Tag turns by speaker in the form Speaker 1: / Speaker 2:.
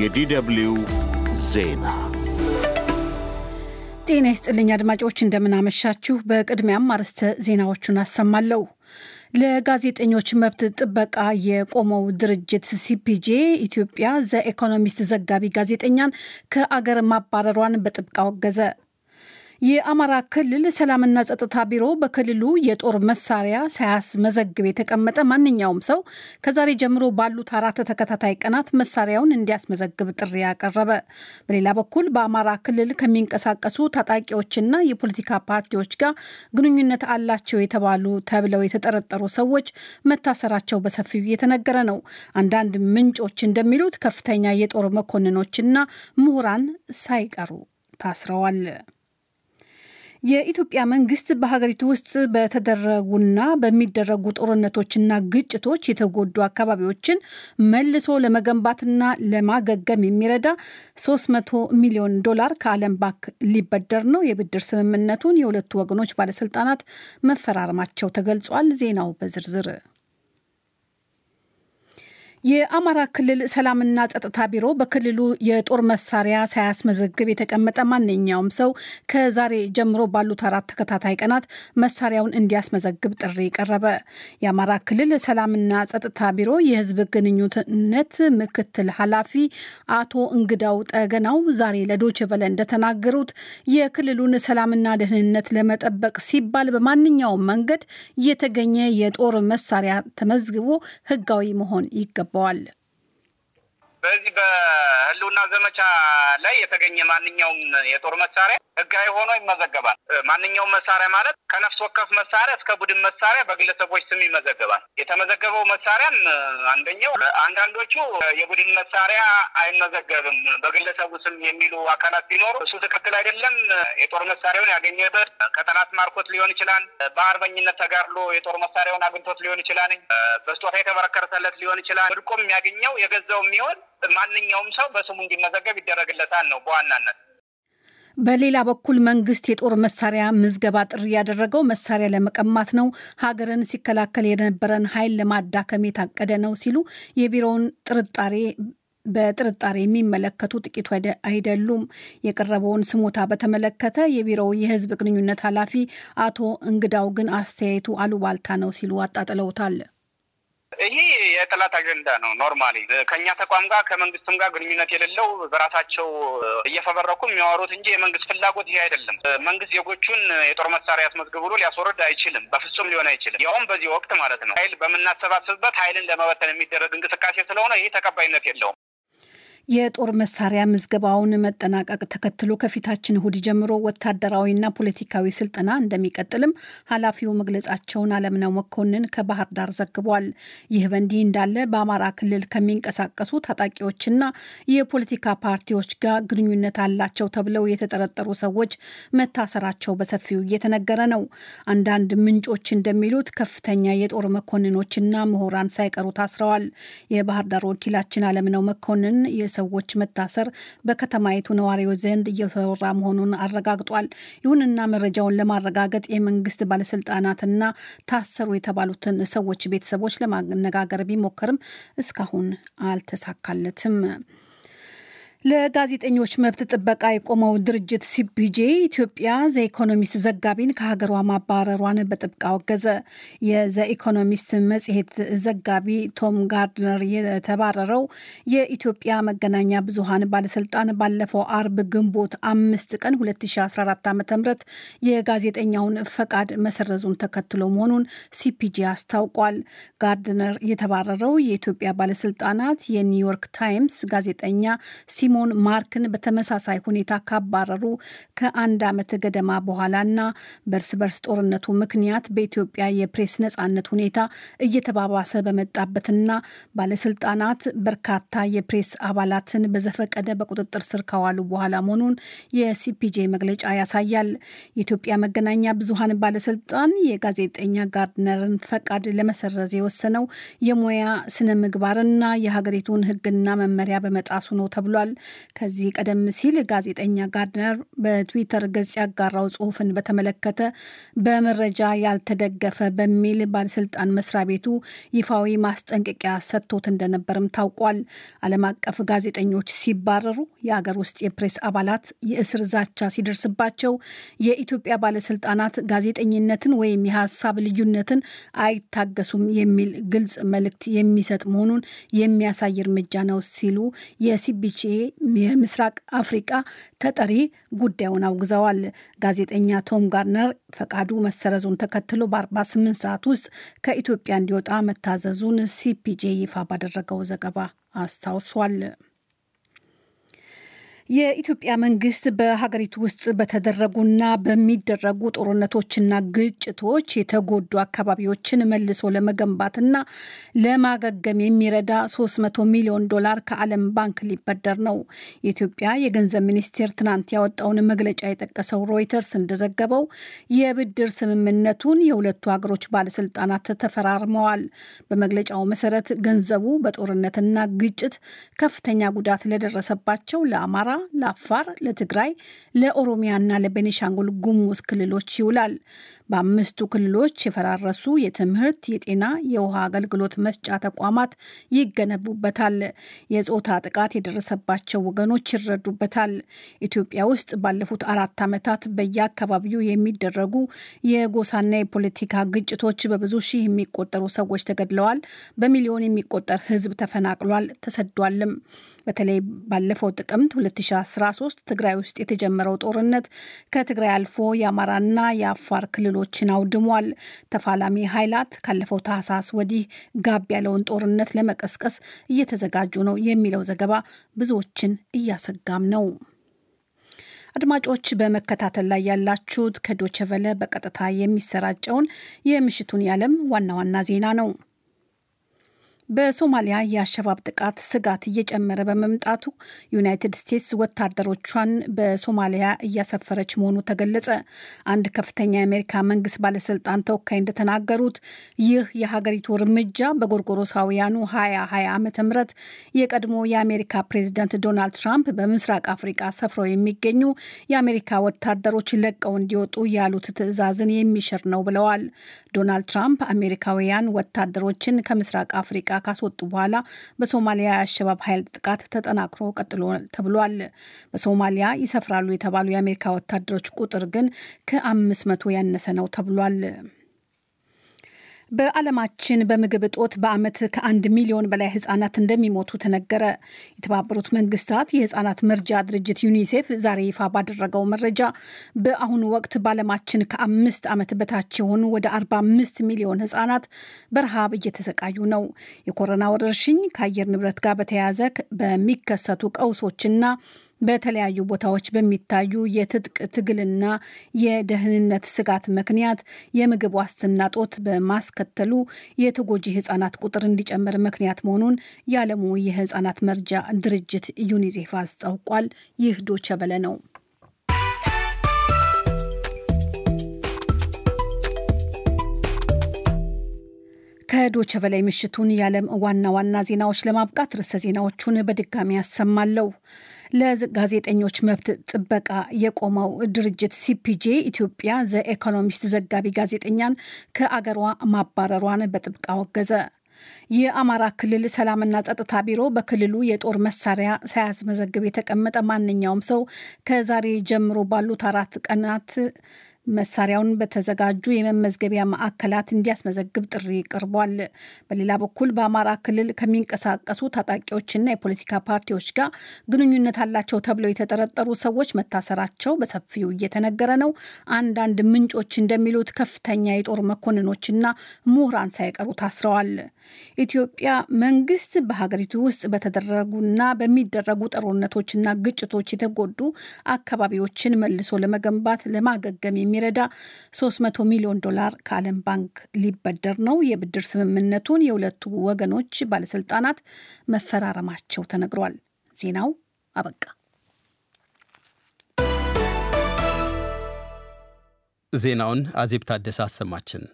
Speaker 1: የዲደብልዩ ዜና ጤና ይስጥልኝ አድማጮች፣ እንደምናመሻችሁ። በቅድሚያም አርዕስተ ዜናዎቹን አሰማለሁ። ለጋዜጠኞች መብት ጥበቃ የቆመው ድርጅት ሲፒጄ ኢትዮጵያ ዘኢኮኖሚስት ዘጋቢ ጋዜጠኛን ከአገር ማባረሯን በጥብቅ አወገዘ። የአማራ ክልል ሰላምና ጸጥታ ቢሮ በክልሉ የጦር መሳሪያ ሳያስመዘግብ የተቀመጠ ማንኛውም ሰው ከዛሬ ጀምሮ ባሉት አራት ተከታታይ ቀናት መሳሪያውን እንዲያስመዘግብ ጥሪ አቀረበ። በሌላ በኩል በአማራ ክልል ከሚንቀሳቀሱ ታጣቂዎችና የፖለቲካ ፓርቲዎች ጋር ግንኙነት አላቸው የተባሉ ተብለው የተጠረጠሩ ሰዎች መታሰራቸው በሰፊው እየተነገረ ነው። አንዳንድ ምንጮች እንደሚሉት ከፍተኛ የጦር መኮንኖችና ምሁራን ሳይቀሩ ታስረዋል። የኢትዮጵያ መንግስት በሀገሪቱ ውስጥ በተደረጉና በሚደረጉ ጦርነቶችና ግጭቶች የተጎዱ አካባቢዎችን መልሶ ለመገንባትና ለማገገም የሚረዳ 300 ሚሊዮን ዶላር ከዓለም ባንክ ሊበደር ነው። የብድር ስምምነቱን የሁለቱ ወገኖች ባለስልጣናት መፈራረማቸው ተገልጿል። ዜናው በዝርዝር የአማራ ክልል ሰላምና ጸጥታ ቢሮ በክልሉ የጦር መሳሪያ ሳያስመዘግብ የተቀመጠ ማንኛውም ሰው ከዛሬ ጀምሮ ባሉት አራት ተከታታይ ቀናት መሳሪያውን እንዲያስመዘግብ ጥሪ ቀረበ። የአማራ ክልል ሰላምና ጸጥታ ቢሮ የሕዝብ ግንኙነት ምክትል ኃላፊ አቶ እንግዳው ጠገናው ዛሬ ለዶችቨለ እንደተናገሩት የክልሉን ሰላምና ደህንነት ለመጠበቅ ሲባል በማንኛውም መንገድ የተገኘ የጦር መሳሪያ ተመዝግቦ ሕጋዊ መሆን ይገባል bål. በዚህ በህልውና ዘመቻ ላይ የተገኘ ማንኛውም የጦር መሳሪያ ህጋዊ ሆኖ ይመዘገባል። ማንኛውም መሳሪያ ማለት ከነፍስ ወከፍ መሳሪያ እስከ ቡድን መሳሪያ በግለሰቦች ስም ይመዘገባል። የተመዘገበው መሳሪያም አንደኛው አንዳንዶቹ የቡድን መሳሪያ አይመዘገብም በግለሰቡ ስም የሚሉ አካላት ቢኖሩ እሱ ትክክል አይደለም። የጦር መሳሪያውን ያገኘበት ከጠላት ማርኮት ሊሆን ይችላል። በአርበኝነት ተጋድሎ የጦር መሳሪያውን አግኝቶት ሊሆን ይችላል። በስጦታ የተበረከተለት ሊሆን ይችላል። ምርኮም የሚያገኘው የገዛው የሚሆን ማንኛውም ሰው በስሙ እንዲመዘገብ ይደረግለታል ነው በዋናነት። በሌላ በኩል መንግስት የጦር መሳሪያ ምዝገባ ጥሪ ያደረገው መሳሪያ ለመቀማት ነው፣ ሀገርን ሲከላከል የነበረን ኃይል ለማዳከም የታቀደ ነው ሲሉ የቢሮውን ጥርጣሬ በጥርጣሬ የሚመለከቱ ጥቂቱ አይደሉም። የቀረበውን ስሞታ በተመለከተ የቢሮው የህዝብ ግንኙነት ኃላፊ አቶ እንግዳው ግን አስተያየቱ አሉባልታ ነው ሲሉ አጣጥለውታል። ይሄ የጠላት አጀንዳ ነው። ኖርማሊ ከእኛ ተቋም ጋር ከመንግስትም ጋር ግንኙነት የሌለው በራሳቸው እየፈበረኩ የሚያወሩት እንጂ የመንግስት ፍላጎት ይሄ አይደለም። መንግስት ዜጎቹን የጦር መሳሪያ አስመዝግብ ብሎ ሊያስወርድ አይችልም። በፍጹም ሊሆን አይችልም። ያውም በዚህ ወቅት ማለት ነው። ኃይል በምናሰባስብበት ኃይልን ለመበተን የሚደረግ እንቅስቃሴ ስለሆነ ይሄ ተቀባይነት የለውም። የጦር መሳሪያ ምዝገባውን መጠናቀቅ ተከትሎ ከፊታችን እሁድ ጀምሮ ወታደራዊና ፖለቲካዊ ስልጠና እንደሚቀጥልም ኃላፊው መግለጻቸውን አለምነው መኮንን ከባህር ዳር ዘግቧል። ይህ በእንዲህ እንዳለ በአማራ ክልል ከሚንቀሳቀሱ ታጣቂዎችና የፖለቲካ ፓርቲዎች ጋር ግንኙነት አላቸው ተብለው የተጠረጠሩ ሰዎች መታሰራቸው በሰፊው እየተነገረ ነው። አንዳንድ ምንጮች እንደሚሉት ከፍተኛ የጦር መኮንኖችና ምሁራን ሳይቀሩ ታስረዋል። የባህር ዳር ወኪላችን አለምነው መኮንን ሰዎች መታሰር በከተማይቱ ነዋሪዎች ዘንድ እየተወራ መሆኑን አረጋግጧል። ይሁንና መረጃውን ለማረጋገጥ የመንግስት ባለስልጣናትና ታሰሩ የተባሉትን ሰዎች ቤተሰቦች ለማነጋገር ቢሞከርም እስካሁን አልተሳካለትም። ለጋዜጠኞች መብት ጥበቃ የቆመው ድርጅት ሲፒጄ ኢትዮጵያ ዘኢኮኖሚስት ዘጋቢን ከሀገሯ ማባረሯን በጥብቅ አወገዘ። የዘኢኮኖሚስት መጽሔት ዘጋቢ ቶም ጋርድነር የተባረረው የኢትዮጵያ መገናኛ ብዙሃን ባለስልጣን ባለፈው አርብ ግንቦት አምስት ቀን 2014 ዓ ም የጋዜጠኛውን ፈቃድ መሰረዙን ተከትሎ መሆኑን ሲፒጄ አስታውቋል። ጋርድነር የተባረረው የኢትዮጵያ ባለስልጣናት የኒውዮርክ ታይምስ ጋዜጠኛ ሲሞን ማርክን በተመሳሳይ ሁኔታ ካባረሩ ከአንድ ዓመት ገደማ በኋላና በእርስ በርስ ጦርነቱ ምክንያት በኢትዮጵያ የፕሬስ ነጻነት ሁኔታ እየተባባሰ በመጣበትና ባለስልጣናት በርካታ የፕሬስ አባላትን በዘፈቀደ በቁጥጥር ስር ከዋሉ በኋላ መሆኑን የሲፒጄ መግለጫ ያሳያል። የኢትዮጵያ መገናኛ ብዙሃን ባለስልጣን የጋዜጠኛ ጋርድነርን ፈቃድ ለመሰረዝ የወሰነው የሙያ ስነ ምግባርና የሀገሪቱን ሕግና መመሪያ በመጣሱ ነው ተብሏል። ከዚህ ቀደም ሲል ጋዜጠኛ ጋርድነር በትዊተር ገጽ ያጋራው ጽሑፍን በተመለከተ በመረጃ ያልተደገፈ በሚል ባለስልጣን መስሪያ ቤቱ ይፋዊ ማስጠንቀቂያ ሰጥቶት እንደነበርም ታውቋል። ዓለም አቀፍ ጋዜጠኞች ሲባረሩ፣ የአገር ውስጥ የፕሬስ አባላት የእስር ዛቻ ሲደርስባቸው፣ የኢትዮጵያ ባለስልጣናት ጋዜጠኝነትን ወይም የሀሳብ ልዩነትን አይታገሱም የሚል ግልጽ መልእክት የሚሰጥ መሆኑን የሚያሳይ እርምጃ ነው ሲሉ የሲቢችኤ የምስራቅ አፍሪቃ ተጠሪ ጉዳዩን አውግዘዋል። ጋዜጠኛ ቶም ጋርነር ፈቃዱ መሰረዙን ተከትሎ በ48 ሰዓት ውስጥ ከኢትዮጵያ እንዲወጣ መታዘዙን ሲፒጄ ይፋ ባደረገው ዘገባ አስታውሷል። የኢትዮጵያ መንግስት በሀገሪቱ ውስጥ በተደረጉና በሚደረጉ ጦርነቶችና ግጭቶች የተጎዱ አካባቢዎችን መልሶ ለመገንባትና ለማገገም የሚረዳ 300 ሚሊዮን ዶላር ከዓለም ባንክ ሊበደር ነው። የኢትዮጵያ የገንዘብ ሚኒስቴር ትናንት ያወጣውን መግለጫ የጠቀሰው ሮይተርስ እንደዘገበው የብድር ስምምነቱን የሁለቱ ሀገሮች ባለስልጣናት ተፈራርመዋል። በመግለጫው መሰረት ገንዘቡ በጦርነትና ግጭት ከፍተኛ ጉዳት ለደረሰባቸው ለአማራ ለአፋር፣ ለትግራይ፣ ለኦሮሚያና ለቤኒሻንጉል ጉሙዝ ክልሎች ይውላል። በአምስቱ ክልሎች የፈራረሱ የትምህርት፣ የጤና፣ የውሃ አገልግሎት መስጫ ተቋማት ይገነቡበታል። የጾታ ጥቃት የደረሰባቸው ወገኖች ይረዱበታል። ኢትዮጵያ ውስጥ ባለፉት አራት ዓመታት በየአካባቢው የሚደረጉ የጎሳና የፖለቲካ ግጭቶች በብዙ ሺህ የሚቆጠሩ ሰዎች ተገድለዋል። በሚሊዮን የሚቆጠር ሕዝብ ተፈናቅሏል፣ ተሰዷልም። በተለይ ባለፈው ጥቅምት 2013 ትግራይ ውስጥ የተጀመረው ጦርነት ከትግራይ አልፎ የአማራና የአፋር ክልሎች ኃይሎችን አውድሟል። ተፋላሚ ኃይላት ካለፈው ታህሳስ ወዲህ ጋብ ያለውን ጦርነት ለመቀስቀስ እየተዘጋጁ ነው የሚለው ዘገባ ብዙዎችን እያሰጋም ነው። አድማጮች በመከታተል ላይ ያላችሁት ከዶቸቨለ በቀጥታ የሚሰራጨውን የምሽቱን የዓለም ዋና ዋና ዜና ነው። በሶማሊያ የአሸባብ ጥቃት ስጋት እየጨመረ በመምጣቱ ዩናይትድ ስቴትስ ወታደሮቿን በሶማሊያ እያሰፈረች መሆኑ ተገለጸ። አንድ ከፍተኛ የአሜሪካ መንግስት ባለስልጣን ተወካይ እንደተናገሩት ይህ የሀገሪቱ እርምጃ በጎርጎሮሳውያኑ 2020 ዓ ም የቀድሞ የአሜሪካ ፕሬዚደንት ዶናልድ ትራምፕ በምስራቅ አፍሪቃ ሰፍረው የሚገኙ የአሜሪካ ወታደሮች ለቀው እንዲወጡ ያሉት ትዕዛዝን የሚሽር ነው ብለዋል። ዶናልድ ትራምፕ አሜሪካውያን ወታደሮችን ከምስራቅ አፍሪቃ ካስወጡ በኋላ በሶማሊያ የአሸባብ ኃይል ጥቃት ተጠናክሮ ቀጥሎ ተብሏል። በሶማሊያ ይሰፍራሉ የተባሉ የአሜሪካ ወታደሮች ቁጥር ግን ከአምስት መቶ ያነሰ ነው ተብሏል። በዓለማችን በምግብ እጦት በዓመት ከአንድ ሚሊዮን በላይ ህጻናት እንደሚሞቱ ተነገረ። የተባበሩት መንግስታት የህጻናት መርጃ ድርጅት ዩኒሴፍ ዛሬ ይፋ ባደረገው መረጃ በአሁኑ ወቅት በዓለማችን ከአምስት ዓመት በታች የሆኑ ወደ 45 ሚሊዮን ህጻናት በረሃብ እየተሰቃዩ ነው። የኮሮና ወረርሽኝ ከአየር ንብረት ጋር በተያያዘ በሚከሰቱ ቀውሶችና በተለያዩ ቦታዎች በሚታዩ የትጥቅ ትግልና የደህንነት ስጋት ምክንያት የምግብ ዋስትና ጦት በማስከተሉ የተጎጂ ህጻናት ቁጥር እንዲጨምር ምክንያት መሆኑን የዓለሙ የህጻናት መርጃ ድርጅት ዩኒሴፍ አስታውቋል። ይህ ዶቸበለ ነው። ከዶቸ በላይ ምሽቱን የዓለም ዋና ዋና ዜናዎች ለማብቃት ርዕሰ ዜናዎቹን በድጋሚ ያሰማለሁ። ለጋዜጠኞች መብት ጥበቃ የቆመው ድርጅት ሲፒጄ ኢትዮጵያ ዘኢኮኖሚስት ዘጋቢ ጋዜጠኛን ከአገሯ ማባረሯን በጥብቅ አወገዘ። የአማራ ክልል ሰላምና ጸጥታ ቢሮ በክልሉ የጦር መሳሪያ ሳያስመዘግብ የተቀመጠ ማንኛውም ሰው ከዛሬ ጀምሮ ባሉት አራት ቀናት መሳሪያውን በተዘጋጁ የመመዝገቢያ ማዕከላት እንዲያስመዘግብ ጥሪ ቀርቧል። በሌላ በኩል በአማራ ክልል ከሚንቀሳቀሱ ታጣቂዎችና የፖለቲካ ፓርቲዎች ጋር ግንኙነት አላቸው ተብለው የተጠረጠሩ ሰዎች መታሰራቸው በሰፊው እየተነገረ ነው። አንዳንድ ምንጮች እንደሚሉት ከፍተኛ የጦር መኮንኖችና ምሁራን ሳይቀሩ ታስረዋል። ኢትዮጵያ መንግስት በሀገሪቱ ውስጥ በተደረጉና በሚደረጉ ጦርነቶችና ግጭቶች የተጎዱ አካባቢዎችን መልሶ ለመገንባት ለማገገም የሚ የሚረዳ 300 ሚሊዮን ዶላር ከዓለም ባንክ ሊበደር ነው። የብድር ስምምነቱን የሁለቱ ወገኖች ባለስልጣናት መፈራረማቸው ተነግሯል። ዜናው አበቃ። ዜናውን አዜብ ታደሰ አሰማችን።